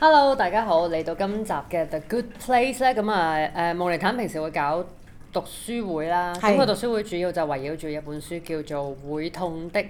Hello，大家好，嚟到今集嘅 The Good Place 咧，咁、呃、啊，誒，夢妮妲平時會搞讀書會啦，咁的個讀書會主要就圍繞住一本書叫做《會痛的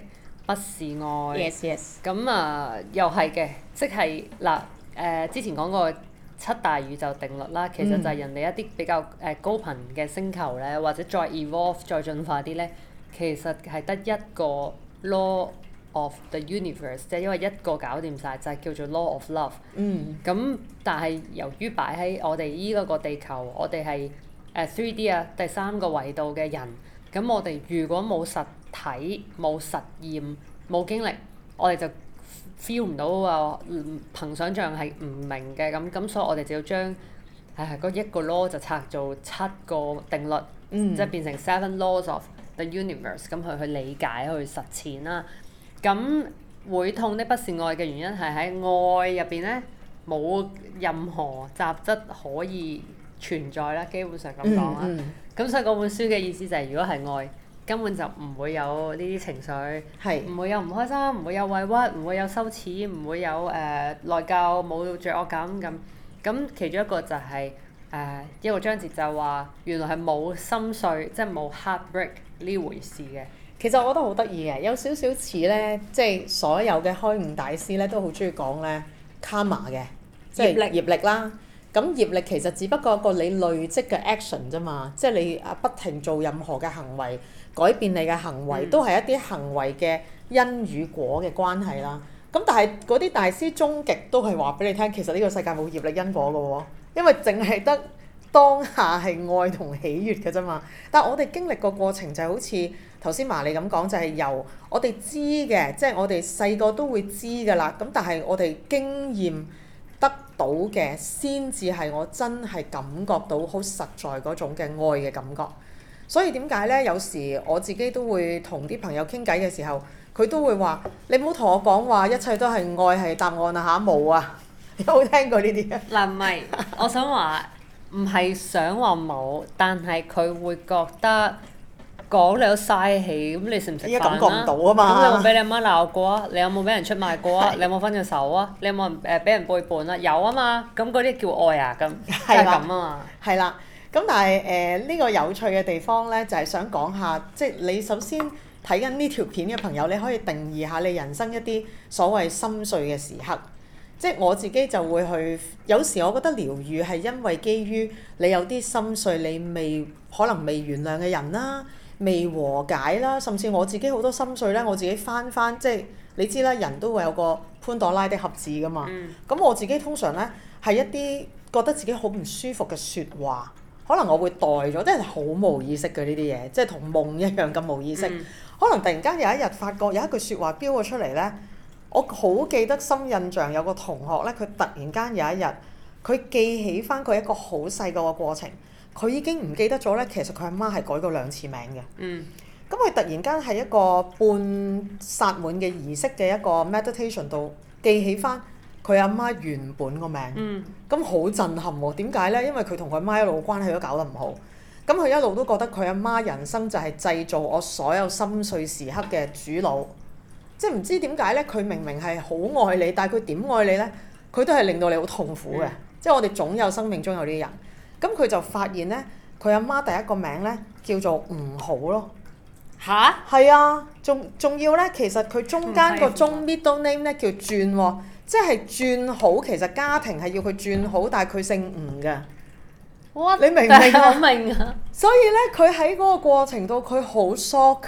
不是愛》，yes 咁 yes .啊、嗯呃，又係嘅，即係嗱，誒、呃呃，之前講過七大宇宙定律啦，其實就係人哋一啲比較誒、呃、高頻嘅星球咧，或者再 evolve 再進化啲咧，其實係得一個 law Of the universe，即係因為一個搞掂晒，就係叫做 law of love。嗯。咁但係由於擺喺我哋依嗰個地球，我哋係誒 three D 啊，第三個維度嘅人。咁我哋如果冇實體、冇實驗、冇經歷，我哋就 feel 唔到啊！憑想像係唔明嘅咁，咁所以我哋就要將唉一個 law 就拆做七個定律，即係變成 seven laws of the universe，咁去去理解去實踐啦。咁會痛的不是愛嘅原因係喺愛入邊呢，冇任何雜質可以存在啦，基本上咁講啦。咁、嗯嗯、所以嗰本書嘅意思就係，如果係愛，根本就唔會有呢啲情緒，唔是會有唔開心，唔會有委屈，唔會有羞恥，唔會有誒內疚，冇、呃、罪惡感咁。咁其中一個就係、是、誒、呃、一個章節就話，原來係冇心碎，即、就、係、是、冇 heartbreak 呢回事嘅。其實我覺得好得意嘅，有少少似呢，即係所有嘅開悟大師呢都好中意講呢 karma 嘅業力業力啦。咁業力其實只不過一個你累積嘅 action 啫嘛，即係你啊不停做任何嘅行為，改變你嘅行為、嗯、都係一啲行為嘅因與果嘅關係啦。咁但係嗰啲大師終極都係話俾你聽，其實呢個世界冇業力因果嘅喎，因為淨係得。當下係愛同喜悦嘅啫嘛，但係我哋經歷個過,過程就係好似頭先麻利咁講，就係、是、由我哋知嘅，即係我哋細個都會知噶啦。咁但係我哋經驗得到嘅，先至係我真係感覺到好實在嗰種嘅愛嘅感覺。所以點解呢？有時我自己都會同啲朋友傾偈嘅時候，佢都會話：你唔好同我講話，一切都係愛係答案啊嚇，冇啊！啊有冇聽過呢啲啊？嗱唔係，我想話。 唔係想話冇，但係佢會覺得講你好嘥氣，咁你食唔食飯啦？感覺唔到啊嘛？咁你有冇俾你阿媽鬧過啊？你有冇俾人出賣過啊？係。你有冇分過手啊？你有冇誒俾人背叛啊？有啊嘛，咁嗰啲叫愛啊，咁即係咁啊嘛。係啦，咁但係誒呢個有趣嘅地方咧，就係想講下，即係你首先睇緊呢條片嘅朋友，你可以定義下你人生一啲所謂心碎嘅時刻。即係我自己就會去，有時我覺得療癒係因為基於你有啲心碎，你未可能未原諒嘅人啦，未和解啦，甚至我自己好多心碎咧，我自己翻翻即係你知啦，人都會有個潘朵拉的盒子㗎嘛。咁、嗯、我自己通常咧係一啲覺得自己好唔舒服嘅説話，可能我會代咗，即係好冇意識嘅呢啲嘢，即係同夢一樣咁冇意識。嗯、可能突然間有一日發覺有一句説話飆咗出嚟咧。我好記得深印象，有個同學咧，佢突然間有一日，佢記起返佢一個好細個嘅過程，佢已經唔記得咗咧。其實佢阿媽係改過兩次名嘅。嗯。咁佢突然間係一個半薩滿嘅儀式嘅一個 meditation 度記起返佢阿媽原本個名。嗯。咁好震撼喎，哦？點解咧？因為佢同佢媽一路關係都搞得唔好。咁佢一路都覺得佢阿媽人生就係製造我所有心碎時刻嘅主腦。即係唔知點解咧，佢明明係好愛你，但係佢點愛你咧？佢都係令到你好痛苦嘅。嗯、即係我哋總有生命中有啲人，咁佢就發現咧，佢阿媽第一個名咧叫做唔好咯。吓哈？係啊，仲仲要咧，其實佢中間個中 middle name 咧叫轉喎，即係轉好。其實家庭係要佢轉好，但係佢姓吳嘅。麼你明唔明、啊？我明。啊。所以咧，佢喺嗰個過程度，佢好 shock。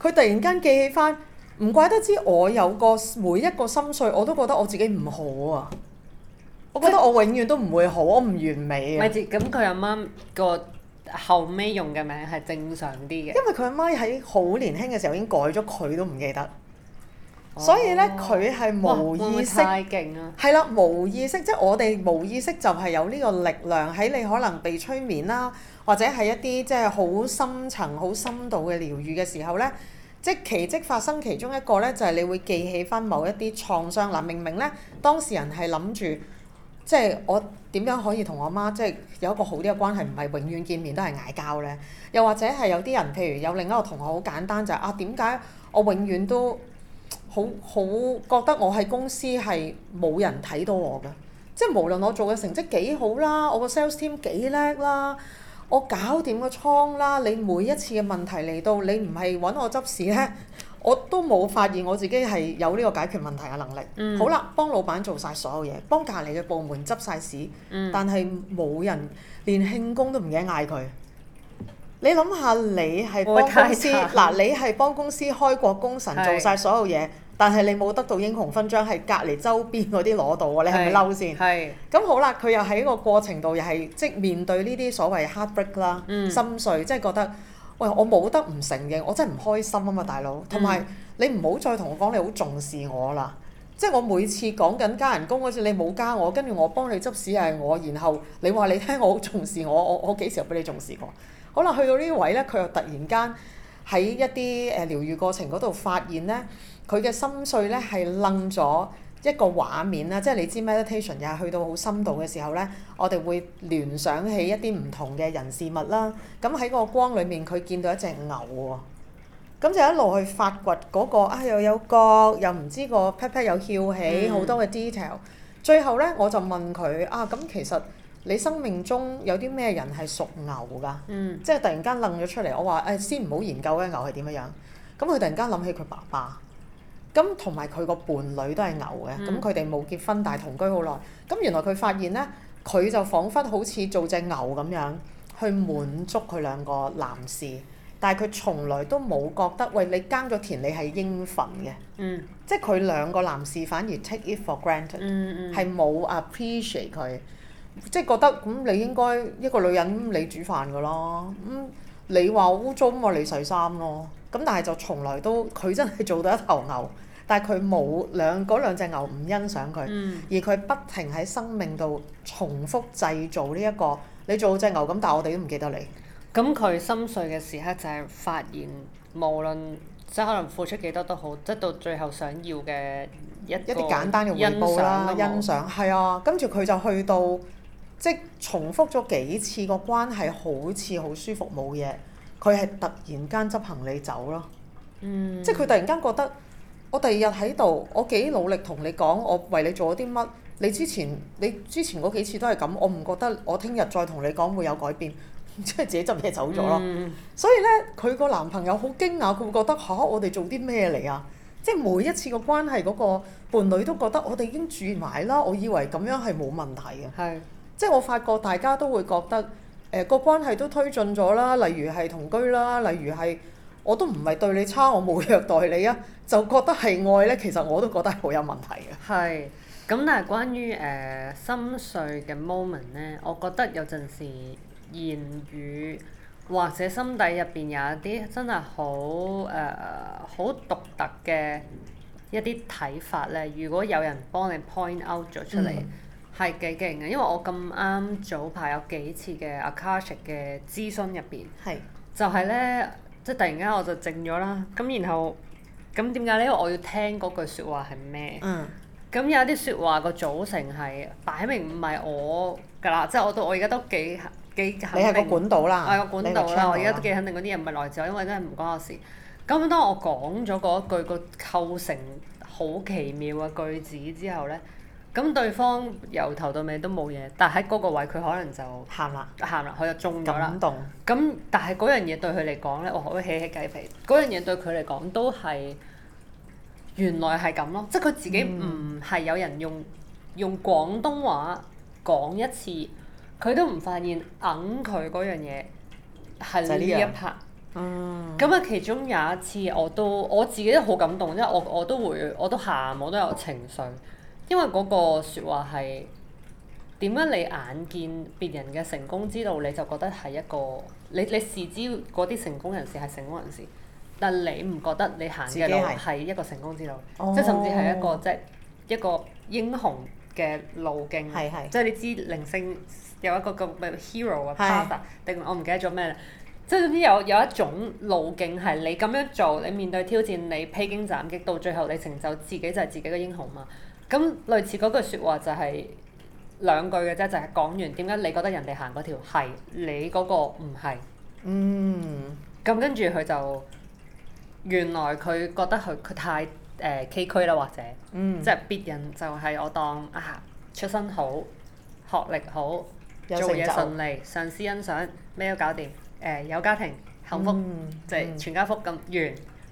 佢突然間記起翻。唔怪得之，我有個每一個心碎，我都覺得我自己唔好啊！我覺得我永遠都唔會好，我唔完美啊！咪咁佢阿媽個後尾用嘅名係正常啲嘅。因為佢阿媽喺好年輕嘅時候已經改咗，佢都唔記得。哦，所以呢，佢係無意識。太勁啊！係啦，無意識，即係我哋無意識就係有呢個力量喺你可能被催眠啦，或者係一啲即係好深層、好深度嘅療愈嘅時候呢。即奇蹟發生，其中一個咧就係、是、你會記起返某一啲創傷嗱、啊，明明咧當事人係諗住，即係我點樣可以同我媽即係有一個好啲嘅關係，唔係永遠見面都係嗌交咧。又或者係有啲人，譬如有另一個同學，好簡單就係、是、啊，點解我永遠都好好覺得我喺公司係冇人睇到我㗎？即係無論我做嘅成績幾好啦，我個 sales team 幾叻啦。我搞掂個倉啦！你每一次嘅問題嚟到，你唔係揾我執屎呢？我都冇發現我自己係有呢個解決問題嘅能力。嗯、好啦，幫老闆做晒所有嘢，幫隔離嘅部門執晒屎，嗯、但係冇人連慶功都唔記得嗌佢。你諗下，你係幫公司嗱，你係幫公司開國功臣是做晒所有嘢。但係你冇得到英雄勳章，係隔離周邊嗰啲攞到，你係咪嬲先？係，咁好啦，佢又喺個過程度又係即面對呢啲所謂 heartbreak 啦，嗯、心碎，即係覺得喂我冇得唔承認，我真係唔開心啊嘛，大佬。同埋你唔好再同我講你好重視我啦，嗯、即係我每次講緊加人工嗰陣，你冇加我，跟住我幫你執屎係我，然後你話你聽我重視我，我我幾時有俾你重視過？好啦，去到呢位呢，佢又突然間喺一啲誒療愈過程嗰度發現呢。佢嘅心碎咧係愣咗一個畫面啦，即係你知 meditation 又係去到好深度嘅時候咧，我哋會聯想起一啲唔同嘅人事物啦。咁喺個光裡面，佢見到一隻牛喎，咁就一路去發掘嗰、那個啊又有角，又唔知個 pat pat 有翹起好、嗯、多嘅 detail。最後咧，我就問佢啊，咁其實你生命中有啲咩人係屬牛噶？嗯、即係突然間愣咗出嚟，我話誒、哎、先唔好研究咧、啊，牛係點樣樣。咁佢突然間諗起佢爸爸。咁同埋佢個伴侶都係牛嘅，咁佢哋冇結婚，但係同居好耐。咁原來佢發現呢，佢就仿佛好似做隻牛咁樣去滿足佢兩個男士，但係佢從來都冇覺得，喂，你耕咗田你係應份嘅，嗯、即係佢兩個男士反而 take it for granted，嗯係、嗯、冇 appreciate 佢，即係覺得咁、嗯、你應該一個女人你煮飯噶咯，咁、嗯、你話污糟咁你洗衫咯、啊，咁但係就從來都佢真係做到一頭牛。但係佢冇兩嗰、嗯、兩隻牛唔欣賞佢，嗯、而佢不停喺生命度重複製造呢、這、一個你做隻牛咁，但係我哋都唔記得你。咁佢、嗯、心碎嘅時刻就係發現，無論即係可能付出幾多都好，即係到最後想要嘅一啲簡單嘅回報啦，欣賞係啊。跟住佢就去到即係重複咗幾次個關係，好似好舒服冇嘢。佢係突然間執行李走咯，嗯、即係佢突然間覺得。我第二日喺度，我幾努力同你講，我為你做咗啲乜？你之前，你之前嗰幾次都係咁，我唔覺得我聽日再同你講會有改變，即 係自己執嘢走咗咯。嗯、所以咧，佢個男朋友好驚訝，佢會，會覺得嚇我哋做啲咩嚟啊？即係每一次個關係嗰、嗰個伴侶都覺得我哋已經住埋啦，我以為咁樣係冇問題嘅。係，是的 即係我發覺大家都會覺得，誒、呃、個關係都推進咗啦，例如係同居啦，例如係。我都唔係對你差，我冇虐待你啊！就覺得係愛咧，其實我都覺得好有問題嘅。係，咁但係關於誒、呃、心碎嘅 moment 咧，我覺得有陣時言語或者心底入邊有一啲真係好誒好獨特嘅一啲睇法咧。如果有人幫你 point out 咗出嚟，係幾勁嘅。因為我咁啱早排有幾次嘅 Akashic 嘅諮詢入邊，係是就係咧。即突然間我就靜咗啦，咁然後咁點解咧？為呢，因為我要聽嗰句説話係咩？嗯，咁有啲説話個組成係，擺明唔係我㗎啦，即係我都我而家都幾幾肯定。你係個管道啦、哎，我個管道啦，我而家都幾肯定嗰啲嘢唔係來自我，因為真係唔關我事。咁、嗯、當我講咗嗰句個構成好奇妙嘅句子之後咧。咁對方由頭到尾都冇嘢，但喺嗰個位佢可能就喊啦了，喊啦，佢就中咗啦。咁感動但係嗰樣嘢對佢嚟講咧，我可會起起雞皮。嗰樣嘢對佢嚟講都係原來係咁咯，即係佢自己唔係有人用、嗯、用廣東話講一次，佢都唔發現揞佢嗰樣嘢係呢一拍。就係、這個、嗯。咁啊，其中有一次我都我自己都好感動，因為我我都會我都喊，我都有情緒，因為嗰個説話係點解你眼見別人嘅成功之路，你就覺得係一個你你視之嗰啲成功人士係成功人士，但你唔覺得你行嘅路係一個成功之路，哦、即係甚至係一個即係一個英雄嘅路徑，是是即係你知靈性有一個叫咩 hero 啊 part 定我唔記得咗咩咧？即係總之有有一種路徑係你咁樣做，你面對挑戰，你披荊斬棘，到最後你成就自己就係自己嘅英雄嘛。咁類似嗰句説話就係兩句嘅啫，就係、是、講完點解你覺得人哋行嗰條係你嗰個唔係？嗯，咁跟住佢就原來佢覺得佢佢太誒、呃、崎嶇啦，或者即係、嗯、別人就係我當啊出身好、學歷好、有性 做嘢順利、上司走欣賞，咩都搞掂，誒、呃、有家庭幸福，即係、嗯、全家福咁完。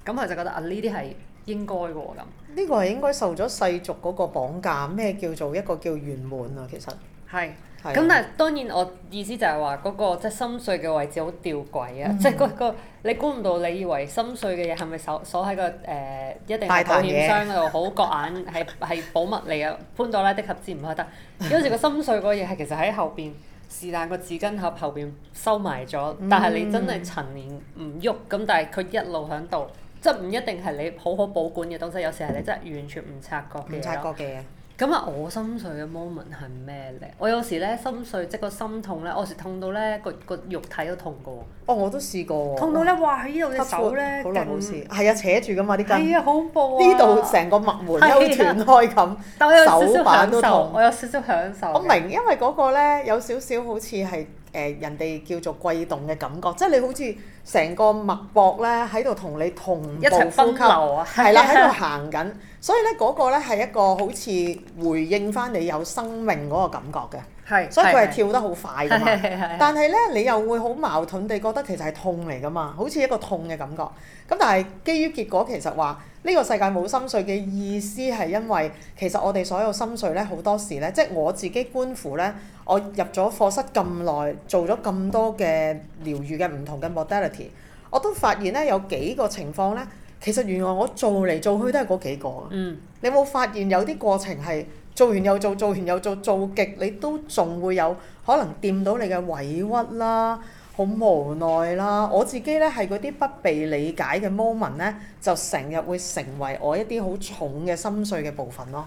咁佢、嗯、就覺得啊呢啲係應該嘅喎咁。呢個係應該受咗世俗嗰個綁架，咩叫做一個叫圓滿啊？其實係，咁是、啊、但係當然我意思就係話嗰個即係心碎嘅位置好吊詭啊，嗯、即係、那、嗰個你估唔到，你以為心碎嘅嘢係咪鎖鎖喺個誒、呃、一定係保險箱嗰度好個坦色眼係係保密嚟啊？潘多拉的盒子唔開得，有時個心碎個嘢係其實喺後邊，是但個紙巾盒後邊收埋咗，但係你真係陳年唔喐咁，嗯、但係佢一路喺度。即唔一定係你好好保管嘅東西，有時係你真係完全唔察覺嘅。唔察覺嘅。咁啊，我心碎嘅 moment 係咩咧？我有時咧心碎，即係個心痛咧，我有時痛到咧個個肉體都痛嘅。哦，我都試過。痛到咧，哇！哇，呢度隻手咧，勁係樣啊，扯住嘅嘛啲筋。哎、好啊，恐怖！呢度成個脈門都、哎、呀斷開咁。但我有少少，少手享受。我有少少，少享受。我明，因為嗰個咧有少少好似係。誒，人哋叫做悸動嘅感覺，即係你好似成個脈搏咧喺度同你同步呼吸，係啦，喺度行緊， 所以咧嗰個咧係一個好似回應翻你有生命嗰個感覺嘅，係， 所以佢係跳得好快㗎嘛。 但係咧，你又會好矛盾地覺得其實係痛嚟㗎嘛，好似一個痛嘅感覺。咁但係基於結果，其實話。呢個世界冇心碎嘅意思係因為其實我哋所有心碎咧好多時咧，即係我自己觀乎咧，我入咗課室咁耐，做咗咁多嘅療愈嘅唔同嘅 modality，我都發現咧有幾個情況咧，其實原來我做嚟做去都係嗰幾個。嗯。你冇發現有啲過程係做完又做，做完又做，做極你都仲會有可能掂到你嘅委屈啦？好無奈啦！我自己咧，係嗰啲不被理解嘅 moment 咧，就成日會成為我一啲好重嘅心碎嘅部分咯。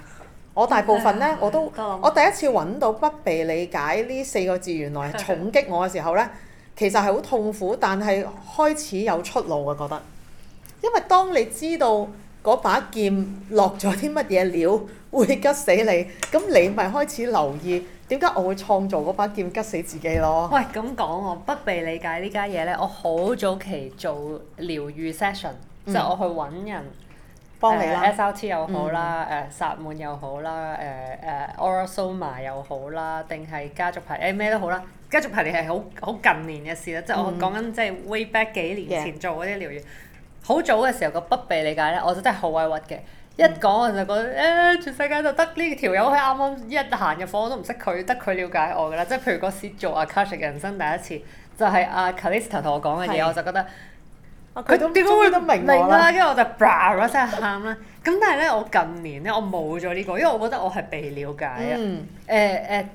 我大部分咧，我都我第一次揾到不被理解呢四個字，原來係重擊我嘅時候咧，其實係好痛苦，但係開始有出路啊！我覺得，因為當你知道嗰把劍落咗啲乜嘢料會拮死你，咁你咪開始留意。點解我會創造嗰把劍拮死自己咯？喂，咁講我不被理解家呢家嘢咧，我好早期做療愈 session，即係、嗯、我去揾人幫你啦 SRT、呃、又好啦，誒薩、嗯啊、滿又好啦，誒誒 Aura-Soma 又好啦，定係家族排列誒咩都好啦。家族排列係好好近年嘅事啦，即係、嗯、我講緊即係 way back 幾年前做嗰啲療愈。好 Yeah. 早嘅時候個不被理解咧，我真係好委屈嘅。一講我就覺得誒、欸，全世界就得呢條友係啱啱一行入房，我都唔識佢，得佢了解我㗎啦。即係譬如嗰時做阿卡 l 嘅人生第一次，就係、是、阿、啊、Calista 同我講嘅嘢，的我就覺得佢點解會咁明、啊、都明啦、啊？跟住 我就，b r 哇！即係喊啦。咁但係咧，我近年咧，我冇咗呢個，因為我覺得我係被了解啊。誒誒、嗯，點、呃呃、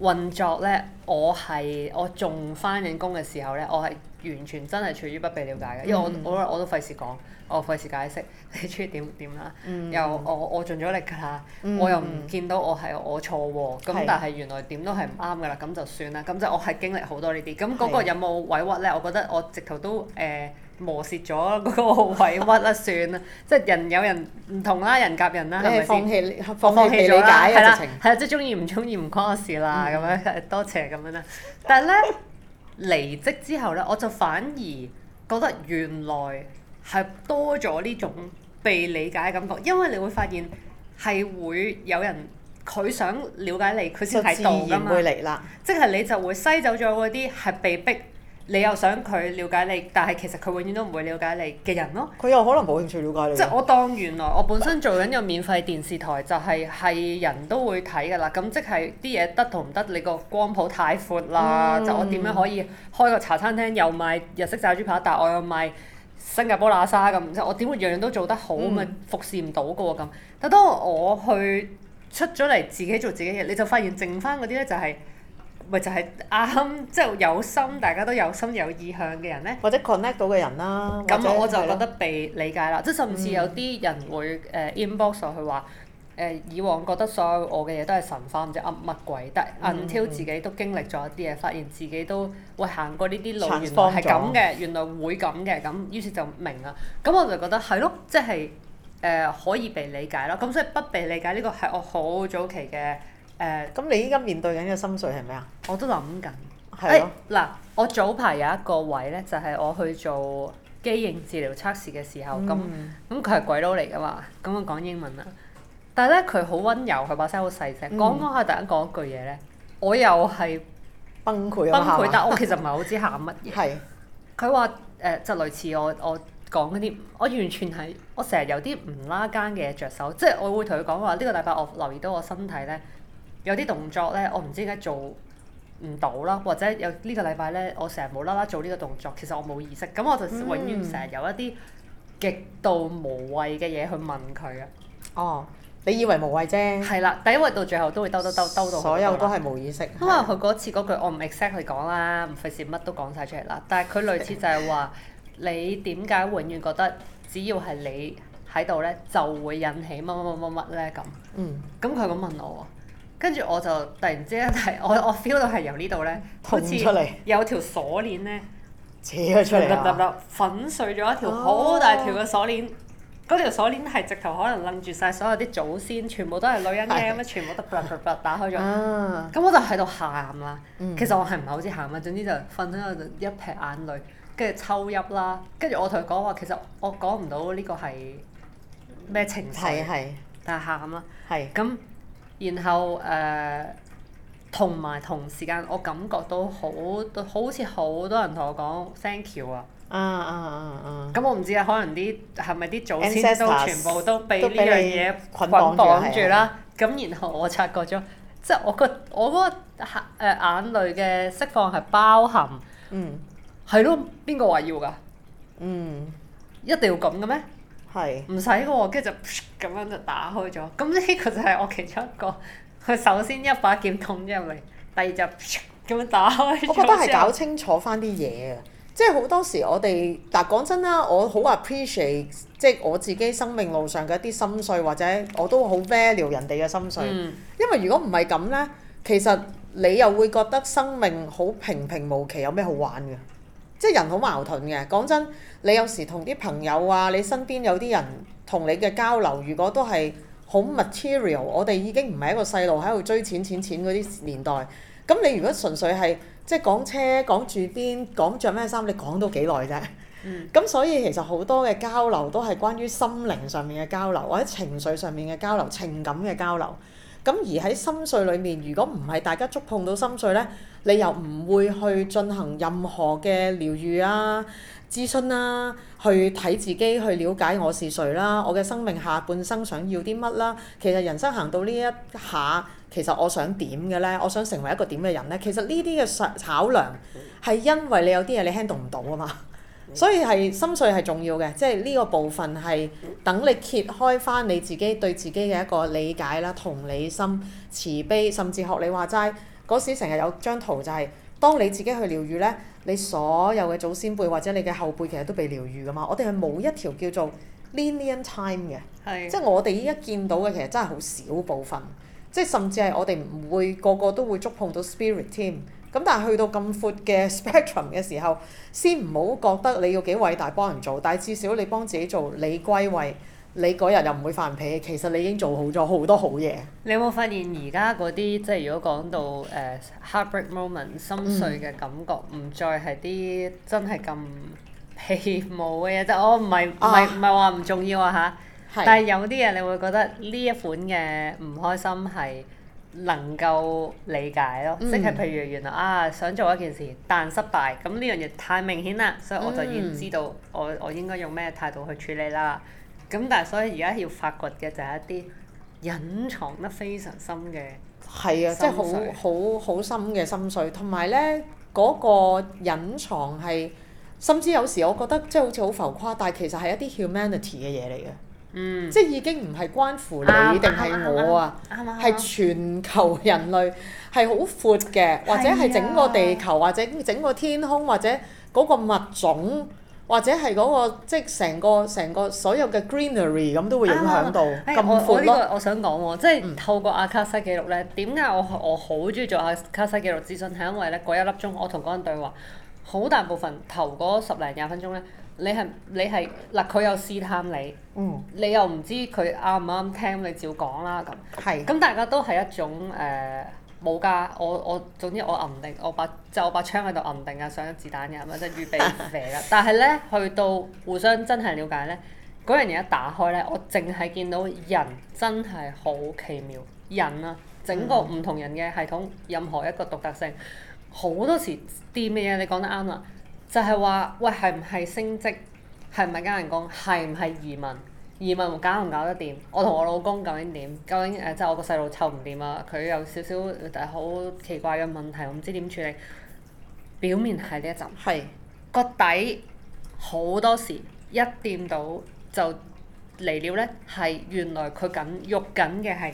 運作咧？我係我仲翻緊工嘅時候咧，我係。完全真係處於不被了解嘅，因為我我我都費事講，我費事解釋，你中意點點啦，又我我盡咗力㗎啦，我又唔見到我係我錯喎，咁但係原來點都係唔啱㗎啦，咁就算啦，咁就係我係經歷好多呢啲，咁嗰個有冇委屈咧？我覺得我直頭都誒、呃、磨蝕咗嗰個委屈啦，算啦， 即係人有人唔同啦，人夾人啦，係咪先？放棄係係放棄放理解直啊直情，係啦，即係中意唔中意唔關我事啦，咁 樣多謝咁樣啦，但係咧。 離職之後呢，我就反而覺得原來係多咗呢種被理解嘅感覺，因為你會發現係會有人佢想了解你，佢先自然會嚟嘛。即係你就會篩走咗嗰啲係被逼。你又想佢了解你，但係其實佢永遠都唔會了解你嘅人咯。佢又可能冇興趣了解你。即係我當原來我本身做緊個免費電視台， 就係係人都會睇㗎啦。咁即係啲嘢得同唔得？你個光譜太闊啦。嗯、就我點樣可以開個茶餐廳又賣日式炸豬扒，但係我又賣新加坡叻沙咁，即我點會樣樣都做得好？咪、嗯、服侍唔到㗎喎咁。但當我去出咗嚟自己做自己嘢，你就發現剩翻嗰啲咧就係、是。咪就係啱，即係有心，大家都有心有意向嘅人咧，或者 connect 到嘅人啦。咁我就覺得被理解啦，嗯、即係甚至有啲人會誒 inbox 上去話誒、嗯呃，以往覺得所有我嘅嘢都係神化，唔知噏乜鬼得，until 自己都經歷咗一啲嘢，發現自己都會行過呢啲路，原來係咁嘅，原來會咁嘅，咁於是就明啦。咁我就覺得係咯，即係誒可以被理解咯。咁所以不被理解呢個係我好早期嘅。誒，咁、嗯、你依家面對緊嘅心碎係咩？啊？我都諗緊。係嗱的、哎，我早排有一個位咧，就係、是、我去做機應治療測試嘅時候，咁咁佢係鬼佬嚟噶嘛，咁我講英文啊。但係咧，佢好溫柔，佢把聲好細聲，講講下突然講一句嘢咧，我又係崩潰崩潰，崩潰但我其實唔係好知喊乜嘢。係 是。佢話誒，就類似我我講嗰啲，我完全係我成日有啲唔拉更嘅着手，即、就、係、是、我會同佢講話呢個禮拜我留意到我身體咧。呢呢呢 有啲動作咧，我唔知點解做唔到啦，或者有呢個禮拜咧，我成日冇啦啦做呢個動作，其實我冇意識，咁我就、嗯、永遠成日有一啲極度無謂嘅嘢去問佢啊。哦，你以為無謂啫？係啦，第一位到最後都會兜兜兜兜到所有都係冇意識。因為佢嗰次嗰句我，我唔 expect 佢講啦，唔費事乜都講晒出嚟啦。但係佢類似就係話， 你點解永遠覺得只要係你喺度咧，就會引起乜乜乜乜乜咧咁？嗯，咁佢咁問我。跟住我就突然之間係我我 feel 到係由呢度咧，好似有條鎖鏈咧扯咗出嚟、啊，粉碎咗一條好大條嘅鎖鏈。嗰、啊、條鎖鏈係直頭可能擸住晒所有啲祖先，全部都係女人嘅，咁唉 全部都啵啵啵打開咗。咁我就喺度喊啦。其實我係唔係好似喊咩？總之就瞓喺度一撇眼淚，跟住抽泣啦。跟住我同佢講話，其實我講唔到呢個係咩情緒，係係係但係喊啦。係係。咁。然後誒、呃，同埋同時間，我感覺到好，好似好多人同我講，thank you 啊！啊啊啊！咁我唔知啊，可能啲係咪啲祖先都全部都被呢樣嘢捆綁住啦？咁然後我察覺咗，即係我個我嗰個誒眼淚嘅釋放係包含，嗯，係咯？邊個話要㗎？嗯，一定要咁嘅咩？唔使嘅喎，跟住是就咁樣就打開咗。咁、這、呢個就係我其中一個。佢首先一把劍捅入嚟，第二就咁樣打開。我覺得係搞清楚返啲嘢啊！即係好多時我哋，但係講真啦，我好 appreciate 即係我自己生命路上嘅一啲心碎，或者我都好 value 人哋嘅心碎。嗯、因為如果唔係咁呢，其實你又會覺得生命好平平無奇，有咩好玩嘅？即係人好矛盾嘅，講真，你有時同啲朋友啊，你身邊有啲人同你嘅交流，如果都係好 material，嗯、我哋已經唔係一個細路喺度追錢錢錢嗰啲年代。咁你如果純粹係即係講車、講住邊、講着咩衫，你講到幾耐啫。咁、嗯、所以其實好多嘅交流都係關於心靈上面嘅交流，或者情緒上面嘅交流、情感嘅交流。咁而喺心碎裏面，如果唔係大家觸碰到心碎呢，你又唔會去進行任何嘅療愈啊、諮詢啦、啊，去睇自己去了解我是誰啦，我嘅生命下半生想要啲乜啦。其實人生行到呢一下，其實我想點嘅呢？我想成為一個點嘅人呢？其實呢啲嘅考量係因為你有啲嘢你 handle 唔到啊嘛。所以係心碎係重要嘅，即係呢個部分係等你揭開返你自己對自己嘅一個理解啦、同理心、慈悲，甚至學你話齋嗰時成日有張圖就係、是、當你自己去療愈呢，你所有嘅祖先輩或者你嘅後輩其實都被療愈㗎嘛。我哋係冇一條叫做 linear time 嘅，是即係我哋依家見到嘅其實真係好少部分，即係甚至係我哋唔會個個都會觸碰到 spirit 添。咁但係去到咁闊嘅 spectrum 嘅時候，先唔好覺得你要幾偉大幫人做，但係至少你幫自己做，你歸位，你嗰日又唔會發脾氣，其實你已經做好咗好多好嘢。你有冇發現而家嗰啲即係如果講到誒 heartbreak moment 心碎嘅感覺，唔、嗯、再係啲真係咁皮毛嘅嘢，即我唔係唔係唔係話唔重要啊嚇，的但係有啲人你會覺得呢一款嘅唔開心係。能夠理解咯，即係譬如原來啊，想做一件事，但失敗，咁呢樣嘢太明顯啦，所以我就已經知道我我應該用咩態度去處理啦。咁、嗯、但係所以而家要發掘嘅就係一啲隱藏得非常深嘅，係啊，即係好好好深嘅心碎，同埋呢嗰個隱藏係，甚至有時我覺得即係好似好浮誇，但係其實係一啲 humanity 嘅嘢嚟嘅。嗯，即係已經唔係關乎你定係、啊、我啊，係、啊啊、全球人類係好、嗯、闊嘅，或者係整個地球，是啊、或者整個天空，或者嗰個物種，或者係嗰、嗰個即係成個成個所有嘅 greenery 咁都會影響到咁、啊啊啊啊、闊咯、欸。我，我，我想講喎，即、就、係、是、透過阿卡西記錄咧，點解、嗯、我我好中意做阿卡西記錄諮詢係因為咧，嗰一粒鐘我同嗰人對話，好大部分頭嗰十零廿分鐘咧。呢呢你係你係嗱，佢又試探你，嗯、你又唔知佢啱唔啱聽，你照講啦咁。係。咁的大家都係一種誒冇架，我我總之我揞定，我把就係、我把槍喺度揞定啊，上咗子彈入咪即係預備搣啦。 但係咧，去到互相真係了解咧，嗰樣嘢一打開咧，我淨係見到人真係好奇妙，人啊，整個唔同人嘅系統，任何一個獨特性，好、嗯、多時啲咩嘢你講得啱啦。就係話，喂，係唔係升職？係唔係加人工？係唔係移民？移民搞唔搞得掂？我同我老公究竟點？究竟誒，即係我個細路湊唔掂啊！佢有少少好奇怪嘅問題，我唔知點處理。表面係呢一陣，係個底好多時一掂到就嚟了咧，係原來佢緊喐緊嘅係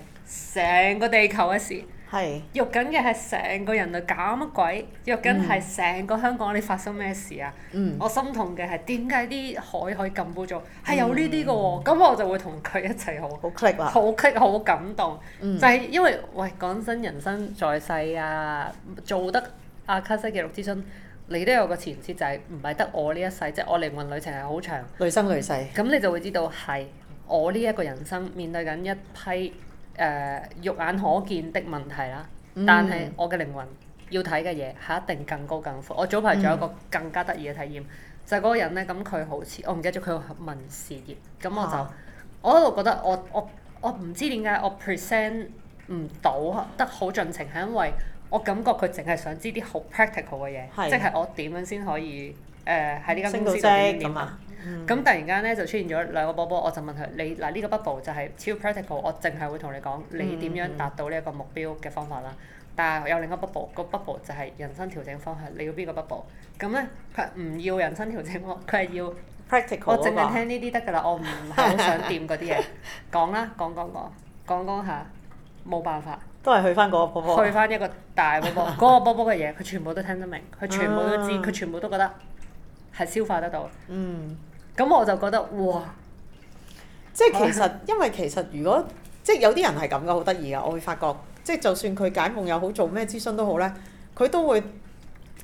成個地球嘅事。係，肉是緊嘅係成個人類搞乜鬼，肉緊係成個香港你發生咩事啊？嗯、我心痛嘅係點解啲海可以咁污糟，係、嗯哎、有呢啲嘅喎。咁我就會同佢一齊好，好激啦，好激好感動。嗯、就係因為喂講真人生在世啊，做得阿、啊、卡西記錄諮詢，你都有個前設，就係唔係得我呢一世，即、就、係、是、我靈魂旅程係好長，累生累世。咁、嗯、你就會知道係我呢一個人生面對緊一批。誒、uh, 肉眼可見的問題啦，嗯、但係我嘅靈魂要睇嘅嘢係一定更高更闊。我早排仲有個更加得意嘅體驗，嗯、就係嗰個人呢，咁佢好似我唔記得咗，佢問事業，咁我就、啊、我喺度覺得我我我唔知點解我 present 唔到得好盡情，係因為我感覺佢淨係想知啲好 practical 嘅嘢，的即係我點樣先可以誒喺呢間公司入面咁啊。咁、嗯、突然間咧就出現咗兩個波波，我就問佢：你嗱呢、啊呢個波波就係超 practical，我淨係會同你講你點樣達到呢一個目標嘅方法啦。嗯嗯、但係有另一個波波，個波波就係人生調整方向。你要邊個波波？咁咧佢唔要人生調整方，佢係要 practical。我淨係聽呢啲得㗎啦，我唔係好想掂嗰啲嘢。講啦，講講講，講講下，冇辦法，都係去翻嗰個波波。去翻一個大波波，嗰 個波波嘅嘢，佢全部都聽得明，佢全部都知，佢、啊、全部都覺得係消化得到。嗯。咁我就覺得哇！即係其實， 因為其實如果即係有啲人係咁嘅，好得意呀，我會發覺，即係就算佢解夢又好，做咩諮詢都好咧，佢都會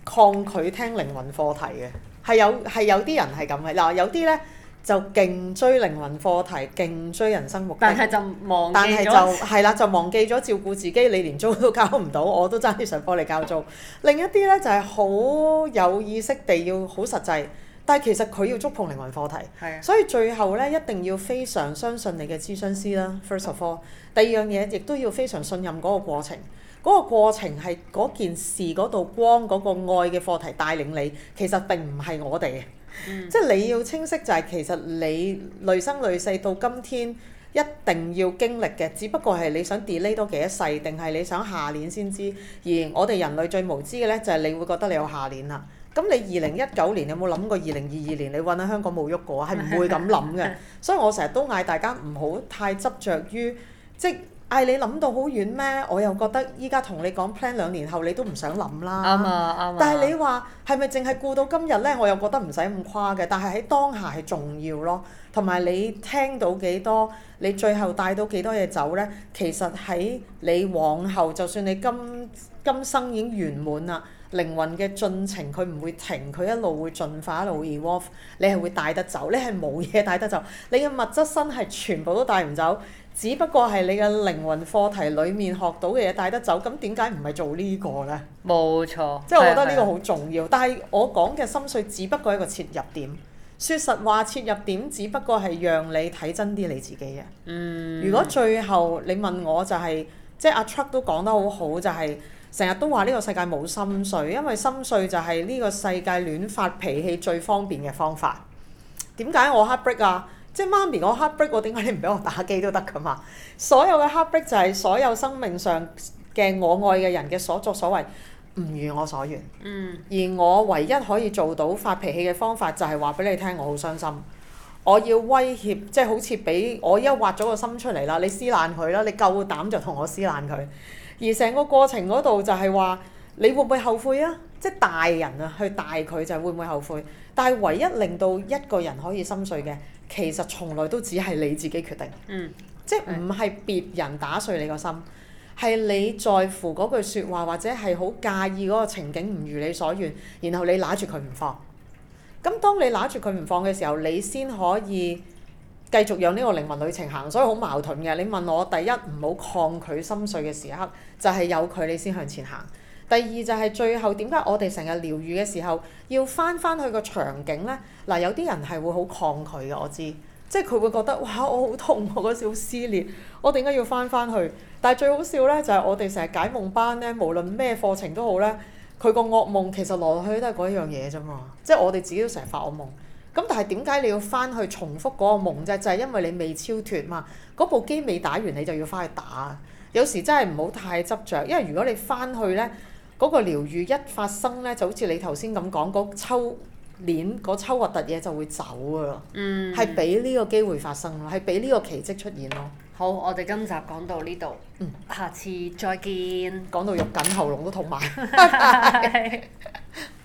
抗拒聽靈魂課題嘅。係有係有啲人係咁嘅嗱，有啲咧就勁追靈魂課題，勁追人生目標，但係就忘，但係就係啦， 就忘記咗照顧自己。你連租都交唔到，我都爭啲想幫你交租。另一啲咧就係、是、好有意識地要好實際。但係其實佢要觸碰靈魂課題，嗯、所以最後咧一定要非常相信你嘅諮詢師啦、嗯，First of all。第二樣嘢亦都要非常信任嗰個過程，嗰、那個過程係嗰件事嗰道光嗰、那個愛嘅課題帶領你，其實並唔係我哋。嗯、即係你要清晰就係其實你累生累世到今天一定要經歷嘅，只不過係你想 delay 多幾一世，定係你想下年先知？而我哋人類最無知嘅呢，就係、是、你會覺得你有下年啦。咁你二零一九年有冇諗過二零二二年你搵喺香港冇喐過啊？係唔會咁諗嘅， 所以我成日都嗌大家唔好太執着於，即嗌你諗到好遠咩？我又覺得依家同你講 plan 兩年後，你都唔想諗啦。啱啊，啱啊。但係你話係咪淨係顧到今日呢？我又覺得唔使咁誇嘅，但係喺當下係重要咯。同埋你聽到幾多，你最後帶到幾多嘢走呢？其實喺你往後，就算你今今生已經圓滿啦。靈魂嘅進程，佢唔會停，佢一路會進化一路 evolve，你係會帶得走，你係冇嘢帶得走，你嘅物質身係全部都帶唔走，只不過係你嘅靈魂課題裡面學到嘅嘢帶得走，咁點解唔係做呢個呢？冇錯，即係我覺得呢個好重要，但係我講嘅心碎只不過係一個切入點。說實話，切入點只不過係讓你睇真啲你自己啊。嗯。如果最後你問我、就係，就係即係阿 Chuck 都講得好好，就係、係。成日都話呢個世界冇心碎，因為心碎就係呢個世界亂發脾氣最方便嘅方法。點解我 heartbreak 啊？即係媽咪我 heartbreak，我點解你唔俾我打機都得㗎嘛？所有嘅 heartbreak 就係所有生命上嘅我愛嘅人嘅所作所為唔如我所願。嗯。而我唯一可以做到發脾氣嘅方法就係話俾你聽，我好傷心。我要威脅，即係好似俾我一挖咗個心出嚟啦，你撕爛佢啦，你夠膽就同我撕爛佢。而成個過程嗰度就係話，你會唔會後悔啊？即係大人啊，去大佢就係會唔會後悔？但係唯一令到一個人可以心碎嘅，其實從來都只係你自己決定。嗯，即係唔係別人打碎你個心，係是你在乎嗰句説話，或者係好介意嗰個情景唔如你所願，然後你揦住佢唔放。咁當你揦住佢唔放嘅時候，你先可以。繼續讓呢個靈魂旅程行，所以好矛盾嘅。你問我，第一唔好抗拒心碎嘅時刻，就係、是、有佢你先向前行。第二就係最後點解我哋成日療愈嘅時候要返返去個場景呢？嗱、呃，有啲人係會好抗拒嘅，我知，即係佢會覺得哇，我好痛，我嗰時好撕裂，我點解要返返去？但係最好笑呢，就係我哋成日解夢班呢，無論咩課程都好呢，佢個噩夢其實來來去去都係嗰一樣嘢啫嘛，嗯、即係我哋自己都成日發噩夢。咁但係點解你要翻去重複嗰個夢啫？就係因為你未超脫嘛，嗰部機未打完，你就要翻去打。有時真係唔好太執着，因為如果你翻去呢，嗰個療愈一發生呢，就好似你頭先咁講，嗰抽鏈、嗰抽核突嘢就會走噶咯。嗯，係俾呢個機會發生咯，係俾呢個奇蹟出現咯。好，我哋今集講到呢度，嗯，下次再見。講到肉緊，喉嚨都痛埋。